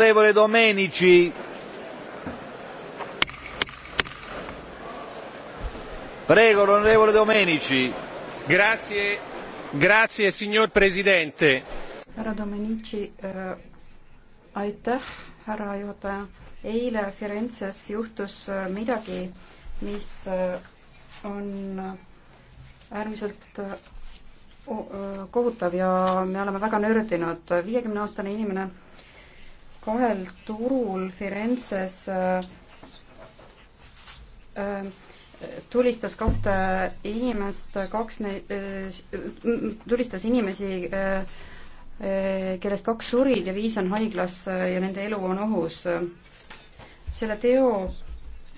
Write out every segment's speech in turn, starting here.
Onorevole Domenici. Prego, onorevole Domenici. Grazie, grazie, signor presidente. härra Domenici äh,, aitäh, härra juhataja. eile Firenzes juhtus äh, midagi, mis äh, on äärmiselt äh, kohutav ja me oleme väga nördinud. viiekümne aastane inimene äh, kahel turul Firenzes äh, äh, tulistas kahte inimest, kaks neid, äh, tulistas inimesi, kellest kaks surid ja viis on haiglas ja nende elu on ohus. selle teo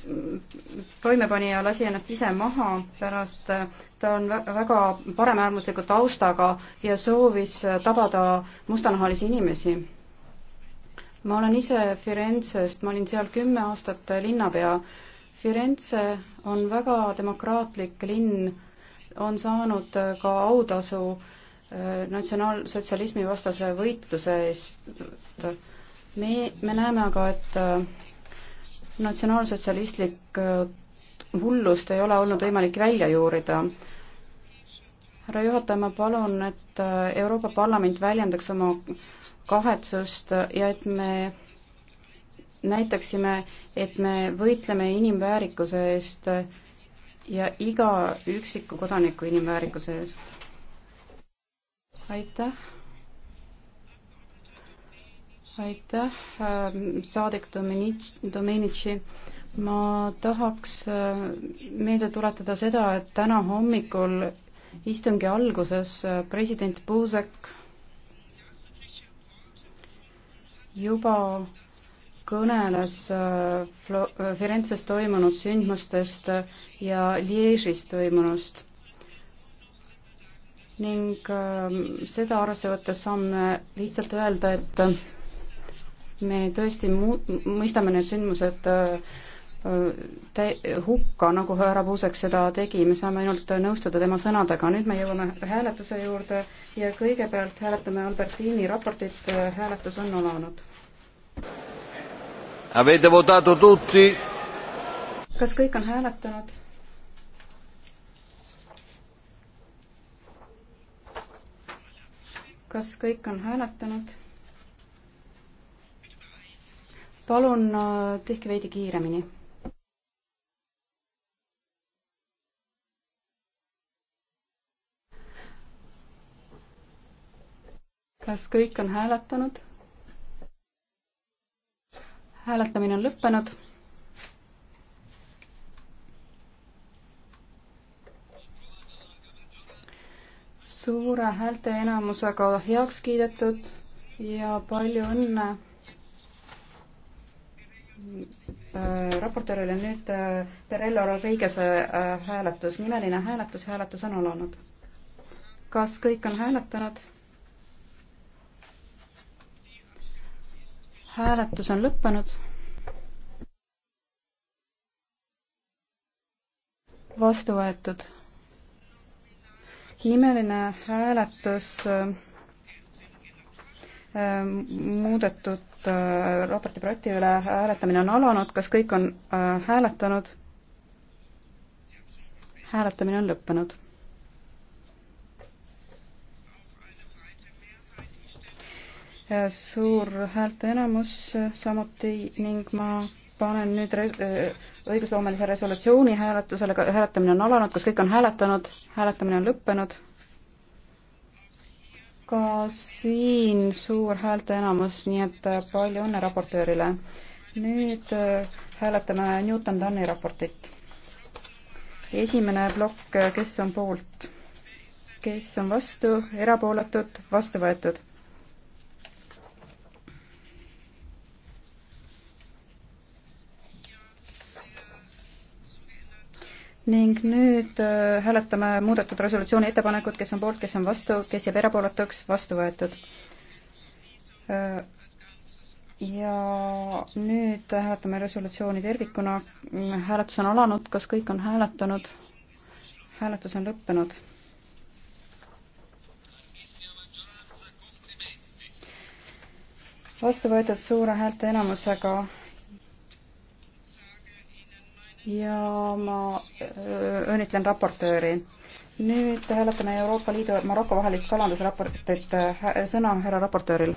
mm, toimepanija lasi ennast ise maha pärast, ta on väga paremäärmusliku taustaga ja soovis tabada mustanahalisi inimesi ma olen ise Firenzest, ma olin seal kümme aastat linnapea. Firenze on väga demokraatlik linn, on saanud ka autasu äh, natsionaalsotsialismi vastase võitluse eest. me, me näeme aga, et äh, natsionaalsotsialistlik äh, hullust ei ole olnud võimalik välja juurida härra juhataja, ma palun, et Euroopa Parlament väljendaks oma kahetsust ja et me näitaksime, et me võitleme inimväärikuse eest ja iga üksiku kodaniku inimväärikuse eest. aitäh. aitäh, ähm, saadik Dominic-, Domenici. ma tahaks äh, meelde tuletada seda, et täna hommikul istungi alguses äh, president Puusek juba kõneles äh, äh, Firenzes toimunud sündmustest ja Liežis toimunust ning ähm, seda arvesse võttes saame lihtsalt öelda, et me tõesti mu-, mõistame need sündmused äh, hukka, nagu härra Puusek seda tegi, me saame ainult nõustuda tema sõnadega. nüüd me jõuame hääletuse juurde ja kõigepealt hääletame Albertini raportit, hääletus on alanud. kas kõik on hääletanud? kas kõik on hääletanud? palun äh, tehke veidi kiiremini kas kõik on hääletanud? hääletamine on lõppenud. suure häälteenamusega heaks kiidetud ja palju õnne äh, raportööril on nüüd äh, Perello Rodriguez'e äh, hääletus, nimeline hääletus, hääletus on alanud. kas kõik on hääletanud? hääletus on lõppenud. vastu võetud. nimeline hääletus äh, muudetud äh, raporti projekti üle hääletamine on alanud, kas kõik on äh, hääletanud? hääletamine on lõppenud suur häälteenamus samuti ning ma panen nüüd re-, äh, õigusloomelise resolutsiooni hääletusele, hääletamine on alanud, kas kõik on hääletanud, hääletamine on lõppenud? ka siin suur häälteenamus, nii et palju õnne raportöörile. nüüd äh, hääletame Newton Dunni raportit. esimene plokk, kes on poolt, kes on vastu, erapooletud, vastu võetud ning nüüd äh, hääletame muudetud resolutsiooni ettepanekut, kes on poolt, kes on vastu, kes jääb erapooletuks, vastu võetud. Äh, ja nüüd hääletame resolutsiooni tervikuna. hääletus on alanud, kas kõik on hääletanud? hääletus on lõppenud vastu võetud suure häälteenamusega ja ma õnnitlen raportööri. nüüd hääletame Euroopa Liidu ja Maroko vahelist kalandusraportit. sõna härra raportööril.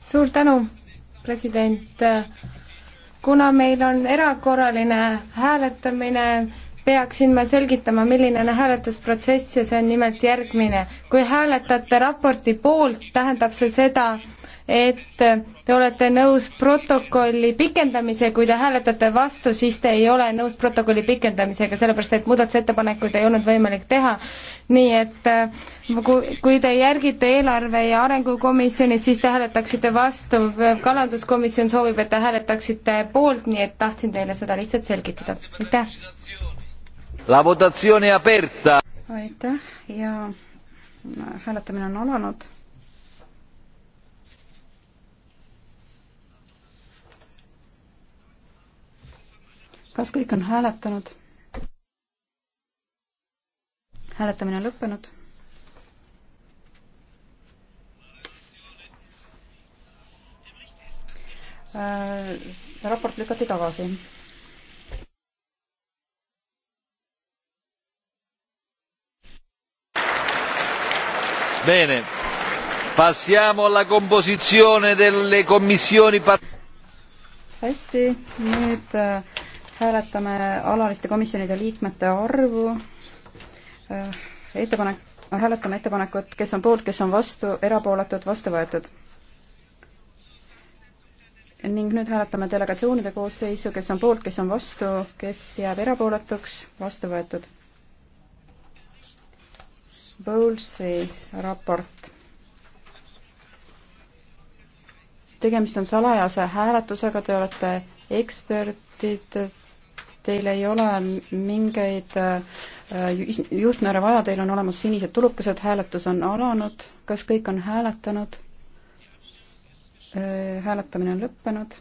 suur tänu, president. kuna meil on erakorraline hääletamine, peaksin ma selgitama, milline on hääletusprotsess ja see on nimelt järgmine. kui hääletate raporti poolt, tähendab see seda, et te olete nõus protokolli pikendamise, kui te hääletate vastu, siis te ei ole nõus protokolli pikendamisega, sellepärast et muudatusettepanekuid ei olnud võimalik teha. nii et äh, kui, kui te järgite eelarve ja arengukomisjoni, siis te hääletaksite vastu, kalanduskomisjon soovib, et te hääletaksite poolt, nii et tahtsin teile seda lihtsalt selgitada, aitäh. La votazione aperta. aitäh ja hääletamine on alanud kas kõik on hääletanud? hääletamine on lõppenud. Äh, raport lükati tagasi. Bene, passiamo alla composizione delle commissioni. hästi, nüüd äh, hääletame alaliste komisjonide liikmete arvu, äh, ettepanek, äh, hääletame ettepanekut, kes on poolt, kes on vastu, erapooletud, vastu võetud. ning nüüd hääletame delegatsioonide koosseisu, kes on poolt, kes on vastu, kes jääb erapooletuks, vastu võetud. Bowlesi raport tegemist on salajase hääletusega, te olete eksperdid, teil ei ole mingeid äh, juhtnööre vaja, teil on olemas sinised tulukesed, hääletus on alanud, kas kõik on hääletanud? Äh, hääletamine on lõppenud.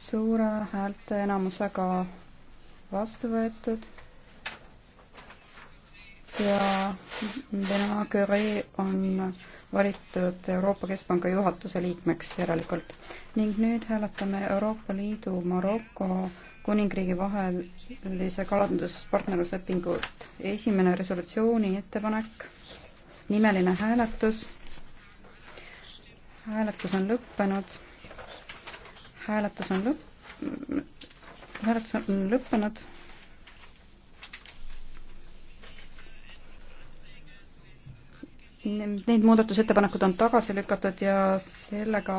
suure häälte enamusega vastu võetud ja Venemaa Kõri on valitud Euroopa Keskpanga juhatuse liikmeks järelikult. ning nüüd hääletame Euroopa Liidu Maroko kuningriigi vahelise kalanduspartnerluslepingut. esimene resolutsiooni ettepanek, nimeline hääletus. hääletus on lõppenud. hääletus on lõpp-, hääletus on lõppenud Need muudatusettepanekud on tagasi lükatud ja sellega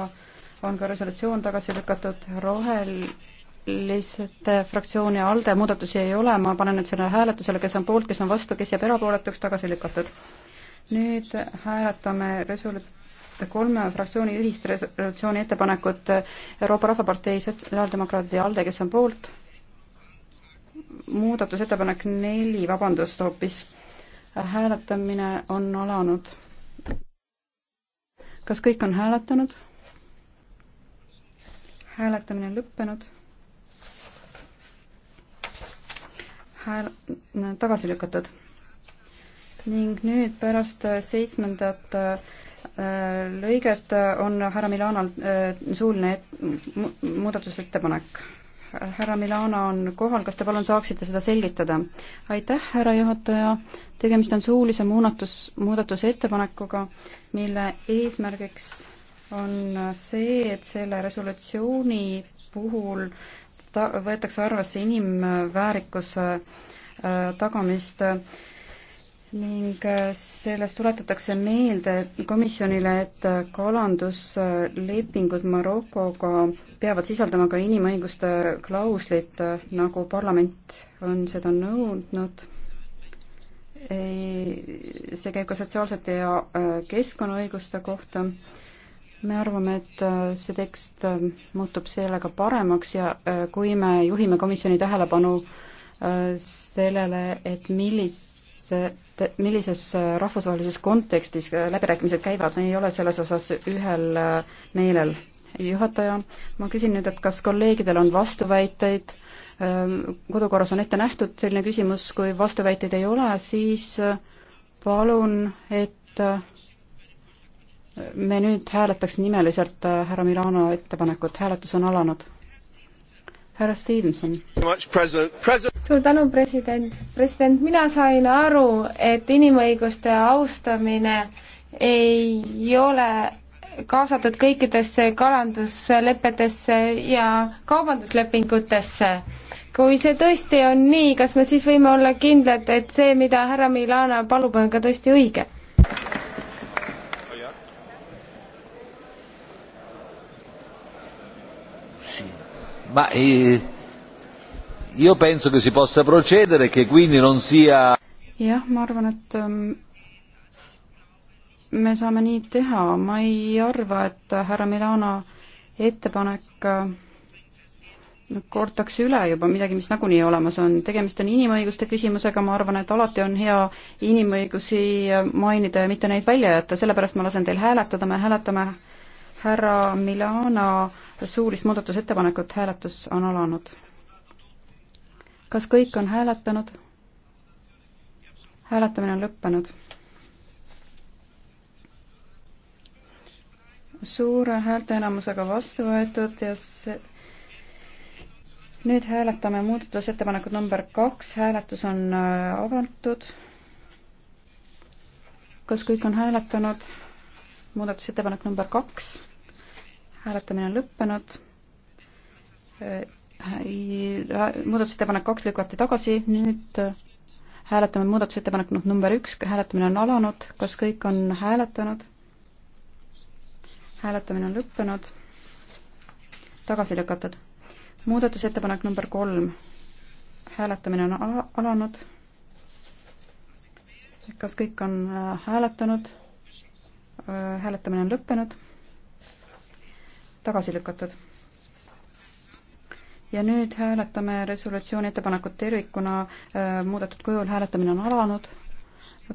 on ka resolutsioon tagasi lükatud. roheliste fraktsiooni ALDE muudatusi ei ole, ma panen nüüd selle hääletusele, kes on poolt, kes on vastu, kes jääb erapooletuks, tagasi lükatud. nüüd hääletame resolut-, kolme fraktsiooni ühist resolutsiooni ettepanekut Euroopa Rahvapartei Sotsiaaldemokraadid ja ALDE, kes on poolt, muudatusettepanek neli, vabandust hoopis hääletamine on alanud. kas kõik on hääletanud? hääletamine on lõppenud. hääl-, tagasi lükatud. ning nüüd pärast seitsmendat äh, lõiget on härra Milanal äh, suuline muudatusettepanek härra Milana on kohal, kas te palun saaksite seda selgitada? aitäh, härra juhataja, tegemist on suulise muudatus, muudatusettepanekuga, mille eesmärgiks on see, et selle resolutsiooni puhul ta-, võetakse arvesse inimväärikuse äh, tagamist äh, ning äh, sellest tuletatakse meelde komisjonile, et äh, kalanduslepingud Marokoga peavad sisaldama ka inimõiguste klauslit, äh, nagu parlament on seda nõudnud. see käib ka sotsiaalsete ja keskkonnaõiguste kohta. me arvame, et see tekst muutub sellega paremaks ja kui me juhime komisjoni tähelepanu sellele, et millis millises äh, rahvusvahelises kontekstis äh, läbirääkimised käivad, me ei ole selles osas ühel äh, meelel. juhataja, ma küsin nüüd, et kas kolleegidel on vastuväiteid, ähm, kodukorras on ette nähtud selline küsimus, kui vastuväiteid ei ole, siis palun, et me nüüd hääletaks nimeliselt härra Milano ettepanekut, hääletus on alanud härra Stevenson. suur tänu, president. president, mina sain aru, et inimõiguste austamine ei ole kaasatud kõikidesse kalanduslepetesse ja kaubanduslepingutesse. kui see tõesti on nii, kas me siis võime olla kindlad, et see, mida härra Milana palub, on ka tõesti õige? ma eh, io penso che si possa procedere che quindi non sia jah, ma arvan, et ehm, me saame nii teha, ma ei arva, et härra Milana ettepanek eh, kordaks üle juba midagi, mis nagunii olemas on, tegemist on inimõiguste küsimusega, ma arvan, et alati on hea inimõigusi eh, mainida ja mitte neid välja jätta, sellepärast ma lasen teil hääletada, me hääletame härra Milana suulist muudatusettepanekut, hääletus on alanud. kas kõik on hääletanud? hääletamine on lõppenud. suure häälteenamusega vastu võetud ja see nüüd hääletame muudatusettepanekut number kaks, hääletus on äh, avatud. kas kõik on hääletanud? muudatusettepanek number kaks hääletamine on lõppenud. Äh, muudatusettepanek kaks lükati tagasi, nüüd äh, hääletame muudatusettepanekut number üks, hääletamine on alanud, kas kõik on hääletanud? hääletamine on lõppenud, tagasi lükatud. muudatusettepanek number kolm, hääletamine on ala, alanud. kas kõik on äh, hääletanud? hääletamine on lõppenud tagasi lükatud. ja nüüd hääletame resolutsiooni ettepanekut tervikuna äh, muudetud kujul, hääletamine on alanud.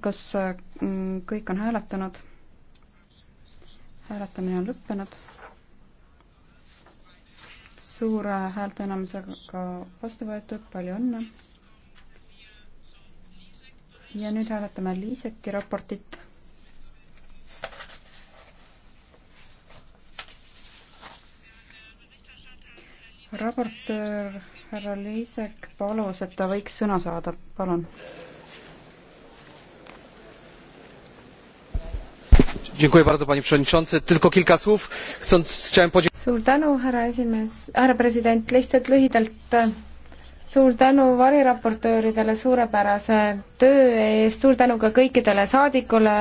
kas äh, kõik on hääletanud? hääletamine on lõppenud. suure häälteenamusega vastu võetud, palju õnne. ja nüüd hääletame Liiseki raportit raportöör härra Liisek palus, et ta võiks sõna saada, palun. suur tänu, härra esimees, härra president, lihtsalt lühidalt suur tänu variraportööridele suurepärase töö eest, suur tänu ka kõikidele saadikule,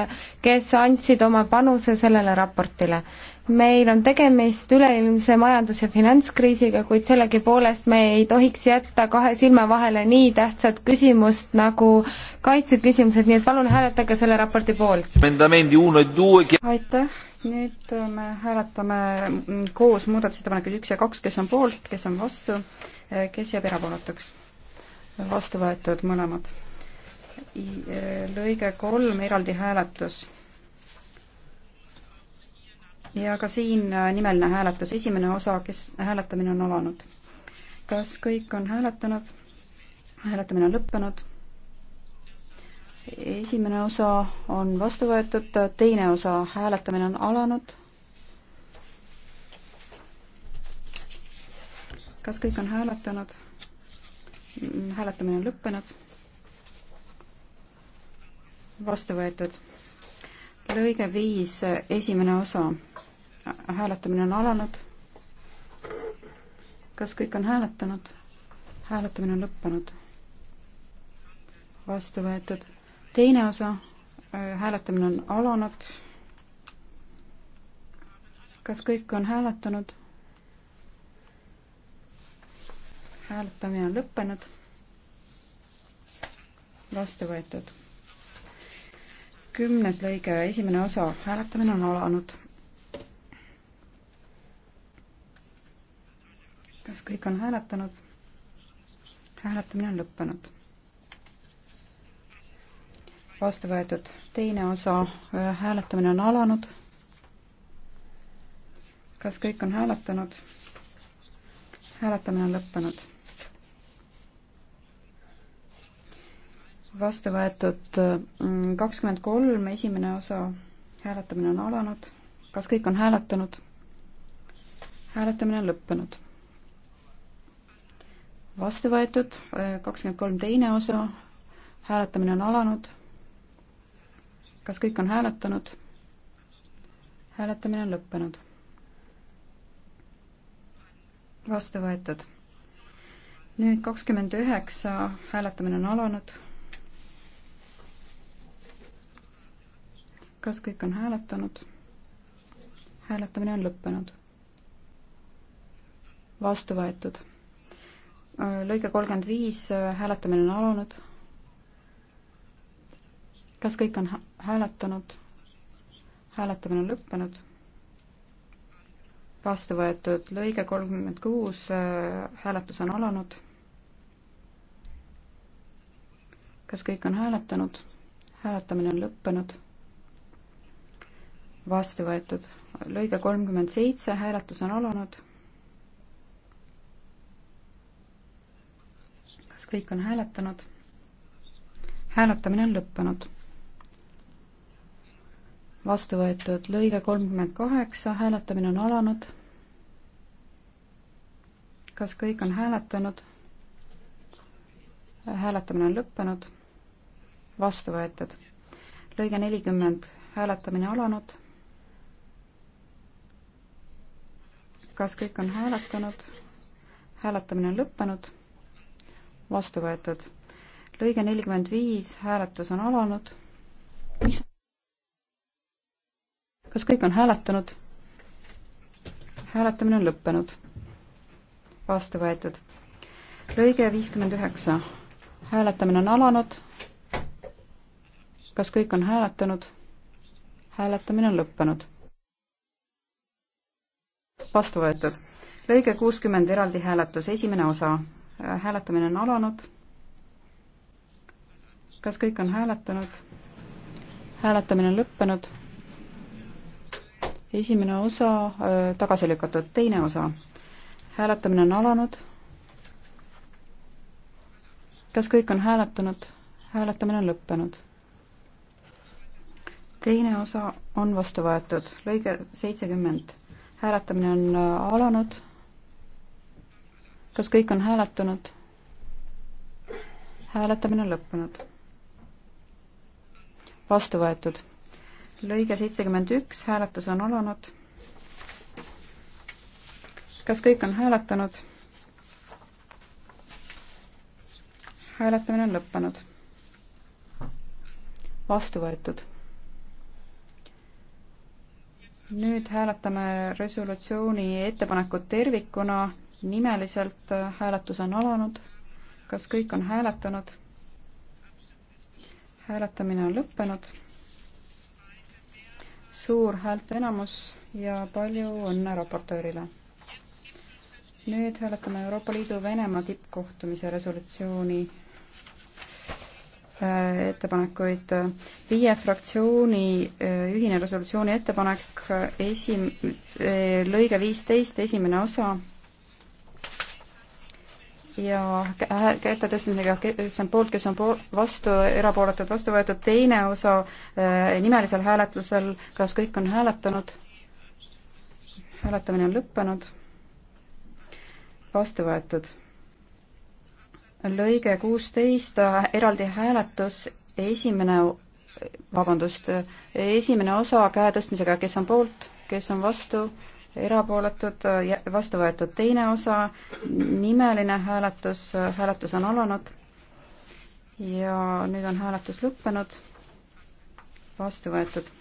kes andsid oma panuse sellele raportile. meil on tegemist üleilmse majandus- ja finantskriisiga, kuid sellegipoolest me ei tohiks jätta kahe silma vahele nii tähtsat küsimust nagu kaitseküsimused, nii et palun hääletage selle raporti poolt. E aitäh nüüd me hääletame koos muudatusettepanekuid üks ja kaks, kes on poolt, kes on vastu, kes jääb erapooletuks? vastu võetud mõlemad. E, lõige kolm, eraldi hääletus. ja ka siin e, nimeline hääletus, esimene osa, kes, hääletamine on alanud. kas kõik on hääletanud? hääletamine on lõppenud esimene osa on vastu võetud, teine osa hääletamine on alanud kas kõik on hääletanud? hääletamine on lõppenud. vastu võetud. lõige viis, esimene osa. hääletamine on alanud. kas kõik on hääletanud? hääletamine on lõppenud. vastu võetud. teine osa, hääletamine on alanud. kas kõik on hääletanud? hääletamine on lõppenud. vastu võetud. kümnes lõige, esimene osa, hääletamine on alanud. kas kõik on hääletanud? hääletamine on lõppenud. vastu võetud teine osa, hääletamine on alanud. kas kõik on hääletanud? hääletamine on lõppenud vastu võetud mm, kakskümmend kolm, esimene osa, hääletamine on alanud. kas kõik on hääletanud? hääletamine on lõppenud. vastu võetud äh, kakskümmend kolm, teine osa, hääletamine on alanud. kas kõik on hääletanud? hääletamine on lõppenud. vastu võetud. nüüd kakskümmend üheksa, hääletamine on alanud kas kõik on hääletanud? hääletamine on lõppenud. vastu võetud. lõige kolmkümmend viis, hääletamine on alanud. kas kõik on hääletanud? hääletamine on lõppenud. vastu võetud lõige kolmkümmend kuus, hääletus on alanud. kas kõik on hääletanud? hääletamine on lõppenud vastu võetud. lõige kolmkümmend seitse, hääletus on alanud. kas kõik on hääletanud? hääletamine on lõppenud. vastu võetud lõige kolmkümmend kaheksa, hääletamine on alanud. kas kõik on hääletanud? hääletamine on lõppenud. vastu võetud. lõige nelikümmend, hääletamine alanud kas kõik on hääletanud? hääletamine on lõppenud. vastu võetud. lõige nelikümmend viis, hääletus on alanud. mis? kas kõik on hääletanud? hääletamine on lõppenud. vastu võetud. lõige viiskümmend üheksa, hääletamine on alanud. kas kõik on hääletanud? hääletamine on lõppenud vastu võetud. lõige kuuskümmend eraldi hääletus, esimene osa. hääletamine on alanud. kas kõik on hääletanud? hääletamine on lõppenud. esimene osa äh, tagasi lükatud, teine osa. hääletamine on alanud. kas kõik on hääletanud? hääletamine on lõppenud. teine osa on vastu võetud, lõige seitsekümmend hääletamine on äh, alanud. kas kõik on hääletanud? hääletamine on lõppenud. vastu võetud. lõige seitsekümmend üks, hääletus on alanud. kas kõik on hääletanud? hääletamine on lõppenud. vastu võetud nüüd hääletame resolutsiooni ettepanekut tervikuna, nimeliselt hääletus on alanud. kas kõik on hääletanud? hääletamine on lõppenud. suur häälteenamus ja palju õnne raportöörile. nüüd hääletame Euroopa Liidu Venemaa tippkohtumise resolutsiooni Äh, ettepanekuid. viie fraktsiooni äh, ühine resolutsiooni ettepanek, äh, esim-, lõige viisteist, esimene osa ja käte tõstmisega, kes on poolt, kes on po-, vastu, erapooletud, vastu võetud, teine osa nimelisel hääletusel, kas kõik on hääletanud? hääletamine on lõppenud, vastu võetud lõige kuusteist, eraldi hääletus, esimene, vabandust, esimene osa käe tõstmisega, kes on poolt, kes on vastu, erapooletud, vastu võetud teine osa, nimeline hääletus, hääletus on alanud ja nüüd on hääletus lõppenud, vastu võetud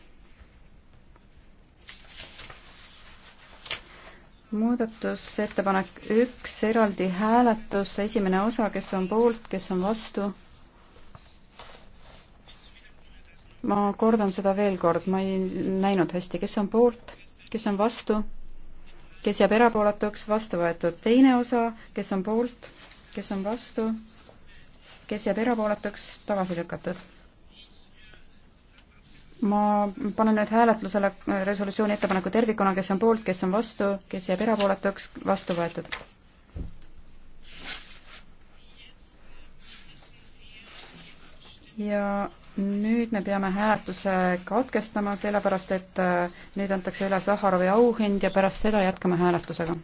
muudatusettepanek üks, eraldi hääletus, esimene osa, kes on poolt, kes on vastu. ma kordan seda veel kord, ma ei näinud hästi, kes on poolt, kes on vastu, kes jääb erapooletuks, vastu võetud. teine osa, kes on poolt, kes on vastu, kes jääb erapooletuks, tagasi lükatud ma panen nüüd hääletusele äh, resolutsiooni ettepaneku tervikuna, kes on poolt, kes on vastu, kes jääb erapooletuks, vastu võetud. ja nüüd me peame hääletuse katkestama, sellepärast et äh, nüüd antakse üle Sahharovi auhind ja pärast seda jätkame hääletusega.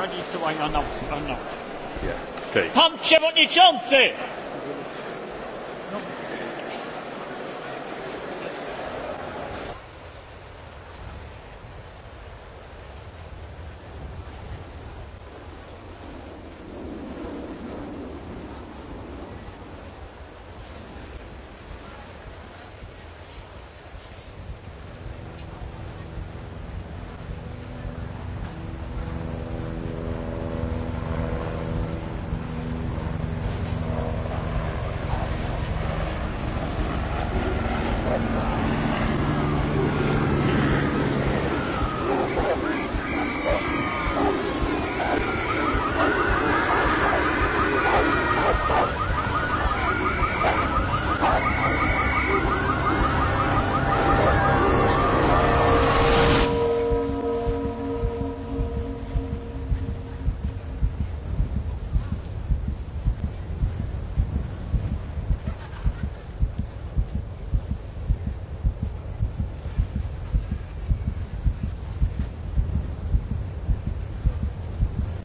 ready, so I announce it. Announce it. Yeah. Okay. Pan Przewodniczący!